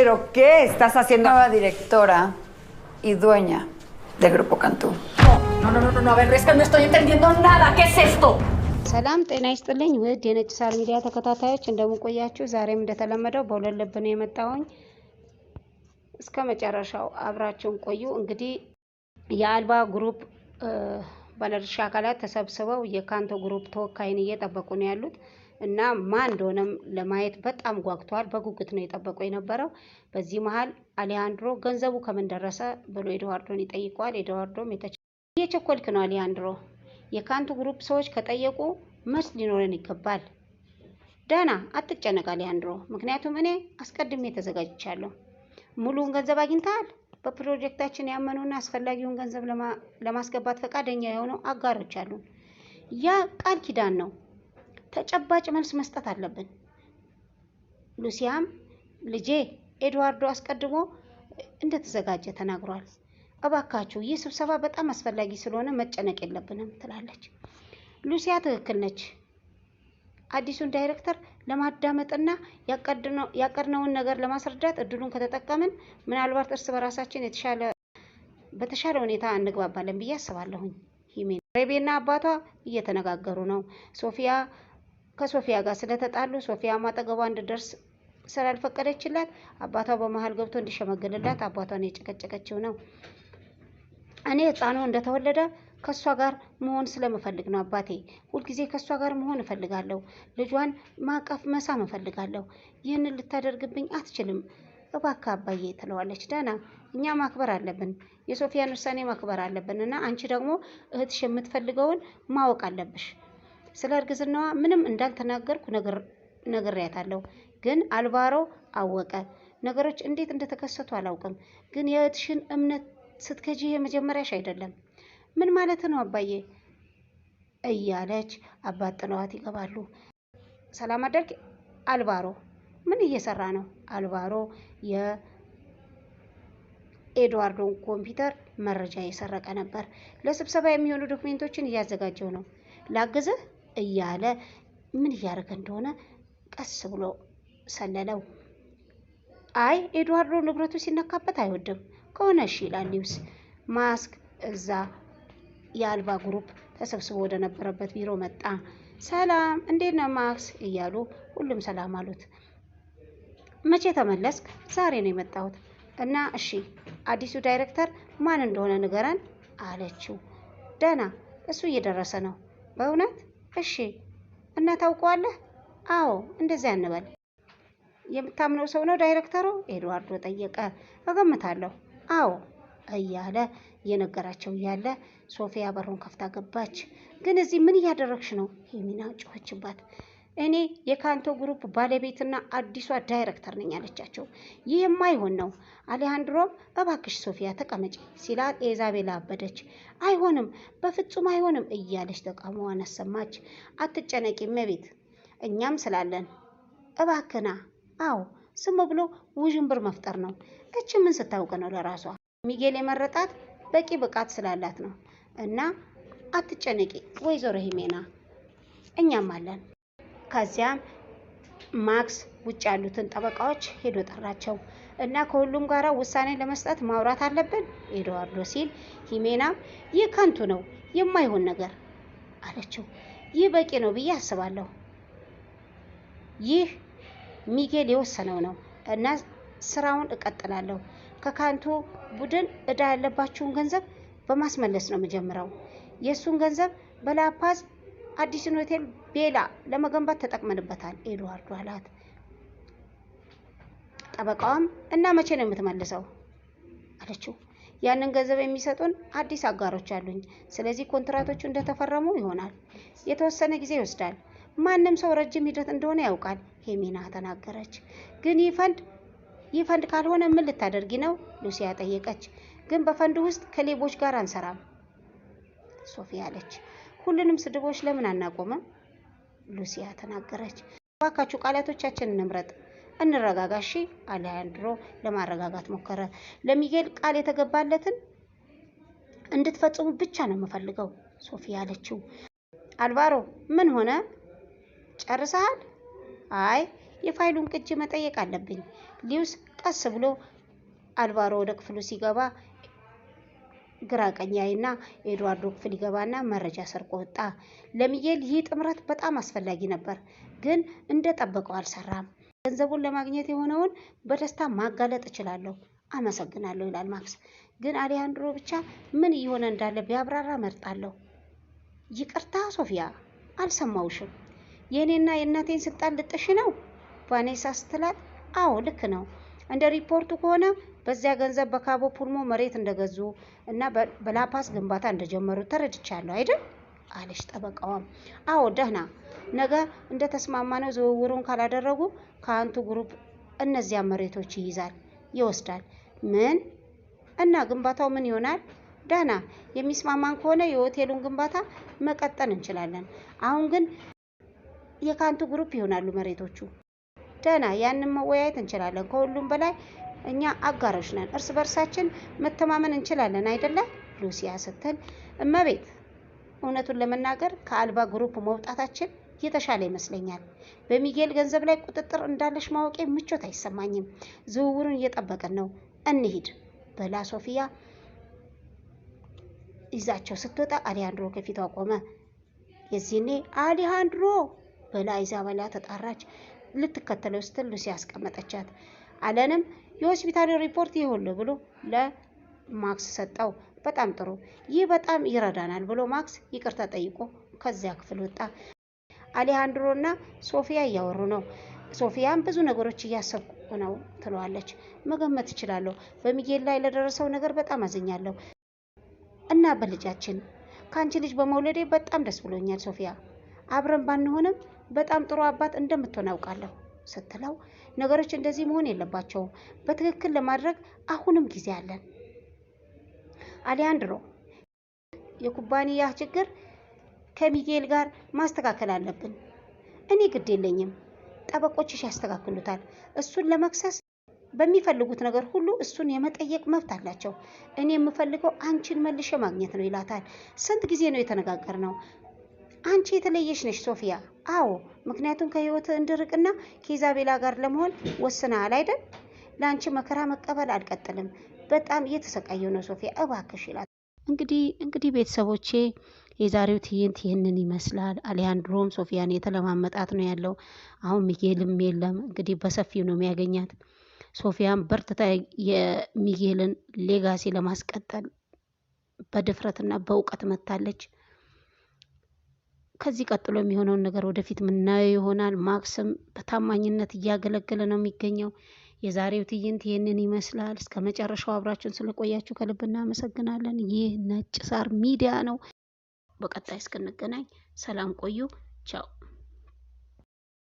¿Pero qué estás haciendo? Nueva directora y dueña de Grupo Cantú. No, no, no, no, no, a ver, es que no estoy entendiendo nada. ¿Qué es esto? ሰላም ጤና ይስጥልኝ ውድ የነጭ ሳር ሚዲያ ተከታታዮች እንደምን ቆያችሁ? ዛሬም እንደተለመደው በሁለት ልብ ነው የመጣሁኝ። እስከ መጨረሻው አብራችሁን ቆዩ። እንግዲህ የአልባ ግሩፕ ባለድርሻ አካላት ተሰብስበው የካንቶ ግሩፕ ተወካይን እየጠበቁ ነው ያሉት። እና ማን እንደሆነም ለማየት በጣም ጓግቷል። በጉጉት ነው የጠበቀው የነበረው። በዚህ መሀል አሊያንድሮ ገንዘቡ ከምን ደረሰ ብሎ ኤድዋርዶን ይጠይቀዋል። ኤድዋርዶም የቸኮልክ ነው አሊያንድሮ፣ የካንቱ ግሩፕ ሰዎች ከጠየቁ መልስ ሊኖረን ይገባል። ደህና አትጨነቅ አሊያንድሮ፣ ምክንያቱም እኔ አስቀድሜ ተዘጋጅቻለሁ። ሙሉውን ገንዘብ አግኝተሃል። በፕሮጀክታችን ያመኑና አስፈላጊውን ገንዘብ ለማስገባት ፈቃደኛ የሆኑ አጋሮች አሉን። ያ ቃል ኪዳን ነው። ተጨባጭ መልስ መስጠት አለብን። ሉሲያም ልጄ ኤድዋርዶ አስቀድሞ እንደተዘጋጀ ተናግሯል። እባካችሁ ይህ ስብሰባ በጣም አስፈላጊ ስለሆነ መጨነቅ የለብንም ትላለች። ሉሲያ ትክክል ነች። አዲሱን ዳይሬክተር ለማዳመጥና ያቀድነውን ነገር ለማስረዳት እድሉን ከተጠቀምን ምናልባት እርስ በራሳችን የተሻለ በተሻለ ሁኔታ እንግባባለን ብዬ አስባለሁኝ። ሂሜን ሬቤና አባቷ እየተነጋገሩ ነው። ሶፊያ ከሶፊያ ጋር ስለተጣሉ ሶፊያ አጠገቧ እንድደርስ ስላልፈቀደችላት አባቷ በመሀል ገብቶ እንዲሸመግልላት አባቷን የጨቀጨቀችው ነው። እኔ ህፃኑ እንደተወለደ ከእሷ ጋር መሆን ስለምፈልግ ነው። አባቴ ሁልጊዜ ከእሷ ጋር መሆን እፈልጋለሁ። ልጇን ማቀፍ፣ መሳም እፈልጋለሁ። ይህንን ልታደርግብኝ አትችልም። እባክህ አባዬ ትለዋለች ደና እኛ ማክበር አለብን፣ የሶፊያን ውሳኔ ማክበር አለብን እና አንቺ ደግሞ እህትሽ የምትፈልገውን ማወቅ አለብሽ። ስለ እርግዝናዋ ምንም እንዳልተናገርኩ ነግሬያታለሁ። ግን አልባሮ አወቀ። ነገሮች እንዴት እንደተከሰቱ አላውቅም። ግን የእህትሽን እምነት ስትከጂ የመጀመሪያሽ አይደለም። ምን ማለት ነው አባዬ? እያለች አባት ጥለዋት ይገባሉ። ሰላም አደርግ። አልቫሮ ምን እየሰራ ነው? አልቫሮ የኤድዋርዶን ኮምፒውተር መረጃ እየሰረቀ ነበር። ለስብሰባ የሚሆኑ ዶክሜንቶችን እያዘጋጀው ነው። ላግዝህ እያለ ምን እያደረገ እንደሆነ ቀስ ብሎ ሰለለው። አይ ኤድዋርዶ ንብረቱ ሲነካበት አይወድም ከሆነ እሺ ይላል ሊውስ ማስክ እዛ የአልባ ግሩፕ ተሰብስቦ ወደ ነበረበት ቢሮ መጣ። ሰላም እንዴት ነው ማክስ እያሉ ሁሉም ሰላም አሉት። መቼ ተመለስክ? ዛሬ ነው የመጣሁት እና እሺ አዲሱ ዳይሬክተር ማን እንደሆነ ንገረን አለችው። ደህና እሱ እየደረሰ ነው በእውነት እሺ እና ታውቀዋለህ? አዎ እንደዚያ እንበል። የምታምነው ሰው ነው ዳይሬክተሩ? ኤድዋርዶ ጠየቀ። እገምታለሁ። አዎ እያለ እየነገራቸው እያለ ሶፊያ በሩን ከፍታ ገባች። ግን እዚህ ምን እያደረግሽ ነው? ሄሚና ጮኸችባት። እኔ የካንቶ ግሩፕ ባለቤትና አዲሷ ዳይሬክተር ነኝ አለቻቸው። ይህ የማይሆን ነው። አሌሃንድሮም እባክሽ ሶፊያ ተቀመጪ ሲላት ኤዛቤላ አበደች። አይሆንም፣ በፍጹም አይሆንም እያለች ተቃውሞዋን አሰማች። አትጨነቂ መቤት፣ እኛም ስላለን። እባክና አዎ ስም ብሎ ውዥንብር መፍጠር ነው። እች ምን ስታውቅ ነው? ለራሷ ሚጌል የመረጣት በቂ ብቃት ስላላት ነው። እና አትጨነቂ ወይዘሮ ሂሜና እኛም አለን። ከዚያም ማክስ ውጭ ያሉትን ጠበቃዎች ሄዶ ጠራቸው እና ከሁሉም ጋራ ውሳኔ ለመስጠት ማውራት አለብን ኤድዋርዶ ሲል ሂሜና ይህ ከንቱ ነው፣ የማይሆን ነገር አለችው። ይህ በቂ ነው ብዬ አስባለሁ። ይህ ሚጌል የወሰነው ነው እና ስራውን እቀጥላለሁ። ከካንቱ ቡድን እዳ ያለባችሁን ገንዘብ በማስመለስ ነው የምጀምረው። የእሱን ገንዘብ በላፓዝ አዲስን ሆቴል ቤላ ለመገንባት ተጠቅመንበታል ኤድዋርድ አላት። ጠበቃዋም እና መቼ ነው የምትመልሰው አለችው። ያንን ገንዘብ የሚሰጡን አዲስ አጋሮች አሉኝ። ስለዚህ ኮንትራቶቹ እንደተፈረሙ ይሆናል። የተወሰነ ጊዜ ይወስዳል። ማንም ሰው ረጅም ሂደት እንደሆነ ያውቃል፣ ሄሜና ተናገረች። ግን ይህ ፈንድ ይህ ፈንድ ካልሆነ ምን ልታደርጊ ነው? ሉሲያ ጠየቀች። ግን በፈንድ ውስጥ ከሌቦች ጋር አንሰራም ሶፊ አለች። ሁሉንም ስድቦች ለምን አናቆምም? ሉሲያ ተናገረች። ባካችሁ ቃላቶቻችንን እንምረጥ፣ እንረጋጋ። እሺ ለማረጋጋት ሞከረ። ለሚጌል ቃል የተገባለትን እንድትፈጽሙ ብቻ ነው የምፈልገው ሶፊያ አለችው። አልቫሮ ምን ሆነ? ጨርሰሃል? አይ የፋይሉን ቅጂ መጠየቅ አለብኝ። ሊውስ ቀስ ብሎ አልቫሮ ወደ ክፍሉ ሲገባ ግራ ቀኝ ያይና ኤድዋርዶ ክፍል ይገባና መረጃ ሰርቆ ወጣ። ለሚጌል ይህ ጥምረት በጣም አስፈላጊ ነበር፣ ግን እንደጠበቀው አልሰራም። ገንዘቡን ለማግኘት የሆነውን በደስታ ማጋለጥ እችላለሁ፣ አመሰግናለሁ ይላል ማክስ። ግን አሊያንድሮ ብቻ ምን እየሆነ እንዳለ ቢያብራራ መርጣለሁ። ይቅርታ ሶፊያ፣ አልሰማውሽም። የእኔና የእናቴን ስልጣን ልጥሽ ነው? ቫኔሳ ስትላት፣ አዎ ልክ ነው። እንደ ሪፖርቱ ከሆነ በዚያ ገንዘብ በካቦ ፑልሞ መሬት እንደገዙ እና በላፓስ ግንባታ እንደጀመሩ ተረድቻለሁ አይደል አለች ጠበቃዋም። አዎ ደህና ነገ እንደ ተስማማ ነው። ዝውውሩን ካላደረጉ ከአንቱ ግሩፕ እነዚያ መሬቶች ይይዛል ይወስዳል። ምን እና ግንባታው ምን ይሆናል? ደህና የሚስማማን ከሆነ የሆቴሉን ግንባታ መቀጠል እንችላለን። አሁን ግን የካንቱ ግሩፕ ይሆናሉ መሬቶቹ። ደህና ያንን መወያየት እንችላለን። ከሁሉም በላይ እኛ አጋሮች ነን፣ እርስ በርሳችን መተማመን እንችላለን አይደለ ሉሲያ ስትል፣ እመቤት እውነቱን ለመናገር ከአልባ ግሩፕ መውጣታችን የተሻለ ይመስለኛል። በሚጌል ገንዘብ ላይ ቁጥጥር እንዳለሽ ማወቄ ምቾት አይሰማኝም። ዝውውሩን እየጠበቅን ነው፣ እንሂድ በላ ሶፊያ ይዛቸው ስትወጣ አሊያንድሮ ከፊቷ ቆመ። የዚህኔ አሊሃንድሮ በላ ኢዛቤላ ተጣራች። ልትከተለው ስትል ሉሲ ያስቀመጠቻት አለንም የሆስፒታል ሪፖርት ይሁን ብሎ ለማክስ ሰጠው። በጣም ጥሩ ይህ በጣም ይረዳናል ብሎ ማክስ ይቅርታ ጠይቆ ከዚያ ክፍል ወጣ። አሌሃንድሮ እና ሶፊያ እያወሩ ነው። ሶፊያም ብዙ ነገሮች እያሰብኩ ነው ትለዋለች። መገመት እችላለሁ። በሚጌል ላይ ለደረሰው ነገር በጣም አዝኛለሁ እና በልጃችን ከአንቺ ልጅ በመውለዴ በጣም ደስ ብሎኛል ሶፊያ። አብረን ባንሆንም በጣም ጥሩ አባት እንደምትሆን አውቃለሁ። ስትለው ነገሮች እንደዚህ መሆን የለባቸውም። በትክክል ለማድረግ አሁንም ጊዜ አለን። አሊያንድሮ የኩባንያ ችግር ከሚጌል ጋር ማስተካከል አለብን። እኔ ግድ የለኝም፣ ጠበቆችሽ ያስተካክሉታል። እሱን ለመክሰስ በሚፈልጉት ነገር ሁሉ እሱን የመጠየቅ መብት አላቸው። እኔ የምፈልገው አንቺን መልሼ ማግኘት ነው ይላታል። ስንት ጊዜ ነው ነው? አንቺ የተለየሽ ነሽ ሶፊያ። አዎ፣ ምክንያቱም ከህይወት እንድርቅና ከኢዛቤላ ጋር ለመሆን ወስናል አይደል? ለአንቺ መከራ መቀበል አልቀጥልም። በጣም እየተሰቃየው ነው ሶፊያ፣ እባክሽ ይላል። እንግዲህ እንግዲህ ቤተሰቦቼ የዛሬው ትዕይንት ይህንን ይመስላል። አሊያንድሮም ሶፊያን የተለማመጣት ነው ያለው። አሁን ሚጌልም የለም እንግዲህ በሰፊው ነው የሚያገኛት። ሶፊያን በርትታ የሚጌልን ሌጋሲ ለማስቀጠል በድፍረትና በእውቀት መታለች። ከዚህ ቀጥሎ የሚሆነውን ነገር ወደፊት ምናየው ይሆናል። ማክስም በታማኝነት እያገለገለ ነው የሚገኘው። የዛሬው ትዕይንት ይህንን ይመስላል። እስከ መጨረሻው አብራችሁን ስለቆያችሁ ከልብ እናመሰግናለን። ይህ ነጭ ሳር ሚዲያ ነው። በቀጣይ እስክንገናኝ ሰላም ቆዩ። ቻው